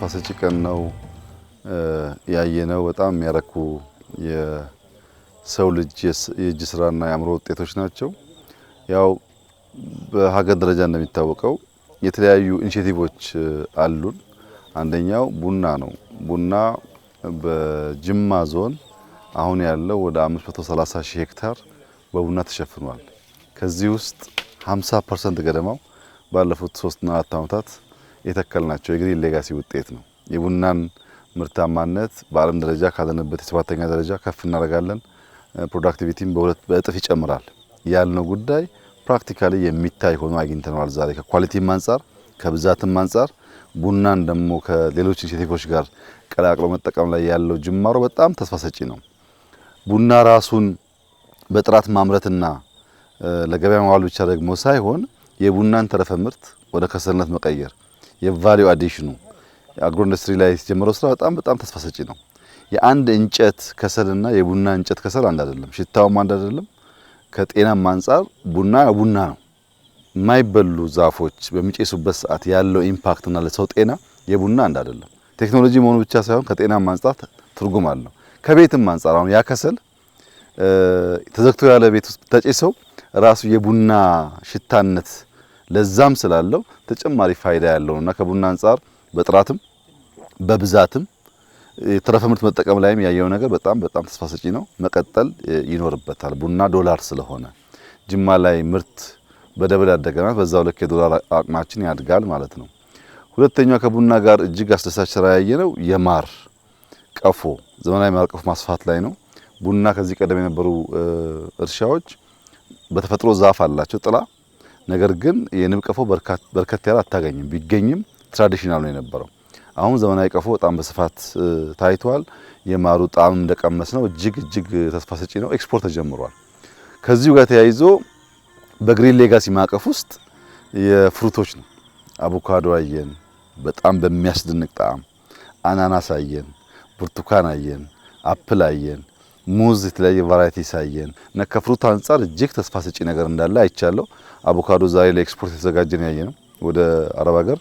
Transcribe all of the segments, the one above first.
ተስፋ ሰጪ ቀን ነው ያየነው። በጣም የሚያረኩ የሰው ልጅ የእጅ ስራና የአእምሮ ውጤቶች ናቸው። ያው በሀገር ደረጃ እንደሚታወቀው የተለያዩ ኢኒሼቲቮች አሉን። አንደኛው ቡና ነው። ቡና በጅማ ዞን አሁን ያለው ወደ 530 ሺህ ሄክታር በቡና ተሸፍኗል። ከዚህ ውስጥ 50 ፐርሰንት ገደማው ባለፉት ሶስትና አራት ዓመታት የተከልናቸው የግሪን ሌጋሲ ውጤት ነው። የቡናን ምርታማነት በዓለም ደረጃ ካለንበት የሰባተኛ ደረጃ ከፍ እናደርጋለን። ፕሮዳክቲቪቲም በሁለት በእጥፍ ይጨምራል ያልነው ጉዳይ ፕራክቲካሊ የሚታይ ሆኖ አግኝተነዋል። ዛሬ ከኳሊቲም አንጻር ከብዛትም አንጻር ቡናን ደግሞ ከሌሎች ኢኒሼቲቮች ጋር ቀላቅሎ መጠቀም ላይ ያለው ጅማሮ በጣም ተስፋ ሰጪ ነው። ቡና ራሱን በጥራት ማምረትና ለገበያ መዋል ብቻ ደግሞ ሳይሆን የቡናን ተረፈ ምርት ወደ ከሰልነት መቀየር የቫሊዩ አዲሽኑ አግሮ ኢንዱስትሪ ላይ የተጀመረው ስራ በጣም በጣም ተስፋ ሰጪ ነው። የአንድ እንጨት ከሰልና የቡና እንጨት ከሰል አንድ አይደለም፣ ሽታውም አንድ አይደለም። ከጤናም አንጻር ቡና ቡና ነው። የማይበሉ ዛፎች በሚጨሱበት ሰዓት ያለው ኢምፓክትና ለሰው ጤና የቡና አንድ አይደለም። ቴክኖሎጂ መሆኑ ብቻ ሳይሆን ከጤና አንጻር ትርጉም አለው። ከቤትም አንጻር አሁን ያ ከሰል ተዘግቶ ያለ ቤት ውስጥ ብታጨሰው ራሱ የቡና ሽታነት ለዛም ስላለው ተጨማሪ ፋይዳ ያለው እና ከቡና አንጻር በጥራትም በብዛትም የተረፈ ምርት መጠቀም ላይም ያየው ነገር በጣም በጣም ተስፋ ሰጪ ነው። መቀጠል ይኖርበታል። ቡና ዶላር ስለሆነ ጅማ ላይ ምርት በደብል ያደገናል። በዛው ልክ የዶላር አቅማችን ያድጋል ማለት ነው። ሁለተኛው ከቡና ጋር እጅግ አስደሳች ስራ ያየነው የማር ቀፎ ዘመናዊ ማር ቀፎ ማስፋት ላይ ነው። ቡና ከዚህ ቀደም የነበሩ እርሻዎች በተፈጥሮ ዛፍ አላቸው ጥላ ነገር ግን የንብ ቀፎ በርከት ያለ አታገኝም። ቢገኝም ትራዲሽናል ነው የነበረው። አሁን ዘመናዊ ቀፎ በጣም በስፋት ታይቷል። የማሩ ጣም እንደቀመስ ነው። እጅግ እጅግ ተስፋ ሰጪ ነው። ኤክስፖርት ተጀምሯል። ከዚሁ ጋር ተያይዞ በግሪን ሌጋሲ ማዕቀፍ ውስጥ የፍሩቶች ነው። አቮካዶ አየን፣ በጣም በሚያስደንቅ ጣዕም አናናስ አየን፣ ብርቱካን አየን፣ አፕል አየን፣ ሙዝ የተለያየ ቫራይቲ ሳየን እና ከፍሩት አንጻር እጅግ ተስፋ ሰጪ ነገር እንዳለ አይቻለሁ። አቮካዶ ዛሬ ለኤክስፖርት የተዘጋጀ ነው ያየ ነው ወደ አረብ ሀገር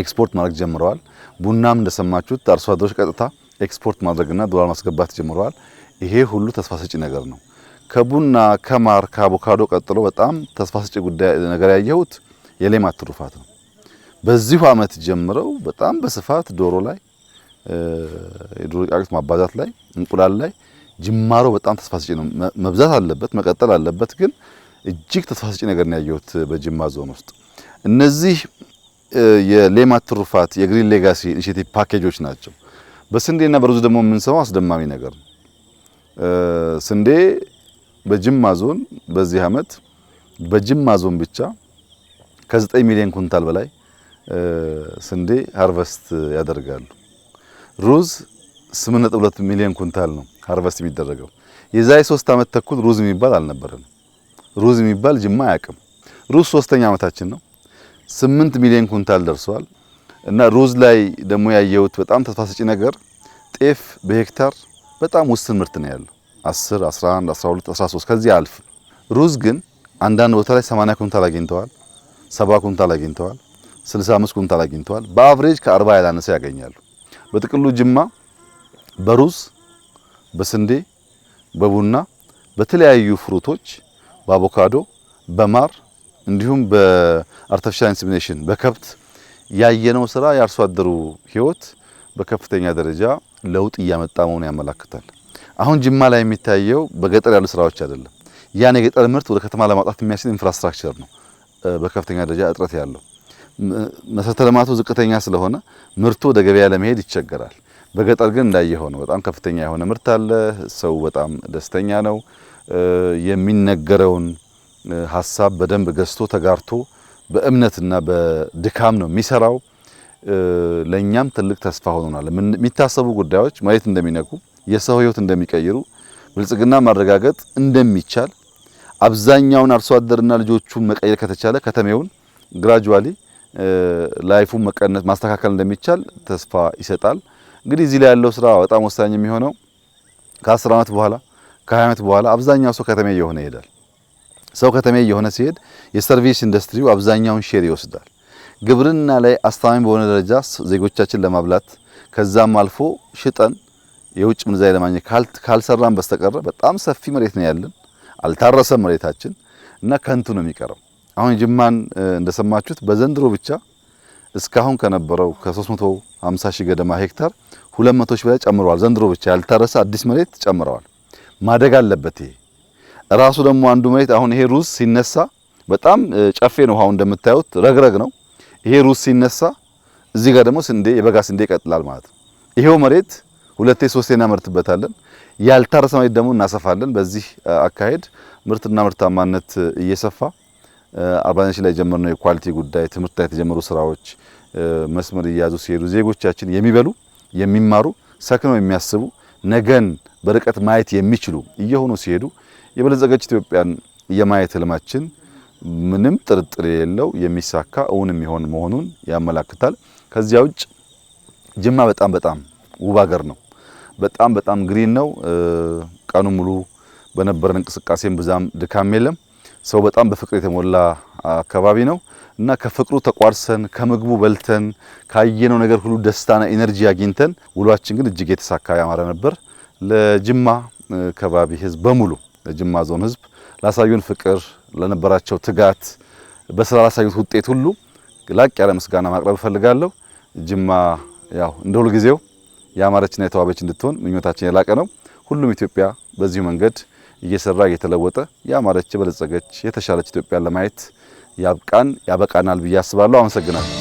ኤክስፖርት ማድረግ ጀምረዋል። ቡናም እንደሰማችሁት አርሶ አደሮች ቀጥታ ኤክስፖርት ማድረግና ዶላር ማስገባት ጀምረዋል። ይሄ ሁሉ ተስፋ ሰጪ ነገር ነው። ከቡና ከማር ከአቮካዶ ቀጥሎ በጣም ተስፋ ሰጪ ጉዳይ ነገር ያየሁት የሌማት ትሩፋት ነው። በዚሁ አመት ጀምረው በጣም በስፋት ዶሮ ላይ የዶሮ ጫጩት ማባዛት ላይ እንቁላል ላይ ጅማሮ በጣም ተስፋ ሰጪ ነው። መብዛት አለበት፣ መቀጠል አለበት። ግን እጅግ ተስፋ ሰጪ ነገር ነው ያየሁት በጅማ ዞን ውስጥ። እነዚህ የሌማት ትሩፋት የግሪን ሌጋሲ ኢኒሼቲቭ ፓኬጆች ናቸው። በስንዴና በሩዝ ደግሞ የምንሰማው አስደማሚ ነገር ነው። ስንዴ በጅማ ዞን በዚህ አመት በጅማ ዞን ብቻ ከ9 ሚሊዮን ኩንታል በላይ ስንዴ ሃርቨስት ያደርጋሉ። ሩዝ 8.2 ሚሊዮን ኩንታል ነው ሃርቨስት የሚደረገው። የዛሬ ሶስት ዓመት ተኩል ሩዝ የሚባል አልነበረም። ሩዝ የሚባል ጅማ አያውቅም። ሩዝ ሶስተኛ ዓመታችን ነው። 8 ሚሊዮን ኩንታል ደርሷል። እና ሩዝ ላይ ደግሞ ያየሁት በጣም ተስፋ ሰጪ ነገር ጤፍ በሄክታር በጣም ውስን ምርት ነው ያለው 10፣ 11፣ 12፣ 13 ከዚህ አልፍ። ሩዝ ግን አንዳንድ ቦታ ላይ 80 ኩንታል አግኝተዋል፣ 70 ኩንታል አግኝተዋል፣ 65 ኩንታል አግኝተዋል። በአቨሬጅ ከ40 ያላነሰ ያገኛሉ። በጥቅሉ ጅማ በሩዝ በስንዴ በቡና በተለያዩ ፍሩቶች በአቮካዶ በማር እንዲሁም በአርቲፊሻል ኢንሰሚኔሽን በከብት ያየነው ስራ የአርሶ አደሩ ህይወት በከፍተኛ ደረጃ ለውጥ እያመጣ መሆኑን ያመላክታል። አሁን ጅማ ላይ የሚታየው በገጠር ያሉ ስራዎች አይደለም። ያን የገጠር ምርት ወደ ከተማ ለማውጣት የሚያስችል ኢንፍራስትራክቸር ነው በከፍተኛ ደረጃ እጥረት ያለው። መሰረተ ልማቱ ዝቅተኛ ስለሆነ ምርቱ ወደ ገበያ ለመሄድ ይቸገራል። በገጠር ግን እንዳየኸው በጣም ከፍተኛ የሆነ ምርት አለ። ሰው በጣም ደስተኛ ነው። የሚነገረውን ሀሳብ በደንብ ገዝቶ ተጋርቶ በእምነትና በድካም ነው የሚሰራው። ለእኛም ትልቅ ተስፋ ሆኖናል። የሚታሰቡ ጉዳዮች መሬት እንደሚነኩ፣ የሰው ህይወት እንደሚቀይሩ፣ ብልጽግና ማረጋገጥ እንደሚቻል አብዛኛውን አርሶ አደርና ልጆቹን መቀየር ከተቻለ ከተሜውን ግራጁዋሊ ላይፉን መቀነስ ማስተካከል እንደሚቻል ተስፋ ይሰጣል። እንግዲህ እዚህ ላይ ያለው ስራ በጣም ወሳኝ የሚሆነው ከአስር ዓመት በኋላ ከሀያ ዓመት በኋላ አብዛኛው ሰው ከተሜ እየሆነ ይሄዳል። ሰው ከተሜ እየሆነ ሲሄድ የሰርቪስ ኢንዱስትሪው አብዛኛውን ሼር ይወስዳል። ግብርና ላይ አስተማሚ በሆነ ደረጃ ዜጎቻችን ለማብላት ከዛም አልፎ ሽጠን የውጭ ምንዛሪ ለማግኘት ካልሰራን በስተቀረ በጣም ሰፊ መሬት ነው ያለን፣ አልታረሰም መሬታችን እና ከንቱ ነው የሚቀረው። አሁን ጅማን እንደሰማችሁት በዘንድሮ ብቻ እስካሁን ከነበረው ከ350 ሺህ ገደማ ሄክታር 200 ሺህ በላይ ጨምረዋል። ዘንድሮ ብቻ ያልታረሰ አዲስ መሬት ጨምረዋል። ማደግ አለበት። ይሄ ራሱ ደግሞ አንዱ መሬት አሁን ይሄ ሩዝ ሲነሳ በጣም ጨፌ ነው። አሁን እንደምታዩት ረግረግ ነው። ይሄ ሩዝ ሲነሳ እዚህ ጋር ደግሞ ስንዴ የበጋ ስንዴ ይቀጥላል ማለት ነው። ይሄው መሬት ሁለቴ ሶስቴ እናመርትበታለን። ያልታረሰ መሬት ደግሞ እናሰፋለን። በዚህ አካሄድ ምርትና ምርታማነት እየሰፋ አርባንሽ ላይ የጀመርነው የኳሊቲ ጉዳይ ትምህርት ላይ የተጀመሩ ስራዎች መስመር እየያዙ ሲሄዱ ዜጎቻችን የሚበሉ የሚማሩ ሰክነው የሚያስቡ ነገን በርቀት ማየት የሚችሉ እየሆኑ ሲሄዱ የበለጸገች ኢትዮጵያን የማየት ህልማችን ምንም ጥርጥር የሌለው የሚሳካ እውን የሚሆን መሆኑን ያመላክታል። ከዚያ ውጭ ጅማ በጣም በጣም ውብ ሀገር ነው። በጣም በጣም ግሪን ነው። ቀኑ ሙሉ በነበረን እንቅስቃሴም ብዛም ድካም የለም። ሰው በጣም በፍቅር የተሞላ አካባቢ ነው እና ከፍቅሩ ተቋርሰን ከምግቡ በልተን ካየነው ነገር ሁሉ ደስታና ኢነርጂ አግኝተን ውሏችን ግን እጅግ የተሳካ ያማረ ነበር። ለጅማ ከባቢ ህዝብ በሙሉ ለጅማ ዞን ህዝብ ላሳዩን ፍቅር፣ ለነበራቸው ትጋት፣ በስራ ላሳዩት ውጤት ሁሉ ላቅ ያለ ምስጋና ማቅረብ እፈልጋለሁ። ጅማ ያው እንደ ሁልጊዜው የአማረችና የተዋበች እንድትሆን ምኞታችን የላቀ ነው። ሁሉም ኢትዮጵያ በዚሁ መንገድ እየሰራ እየተለወጠ ያማረች፣ በለጸገች፣ የተሻለች ኢትዮጵያን ለማየት ያብቃን ያበቃናል ብዬ አስባለሁ። አመሰግናለሁ።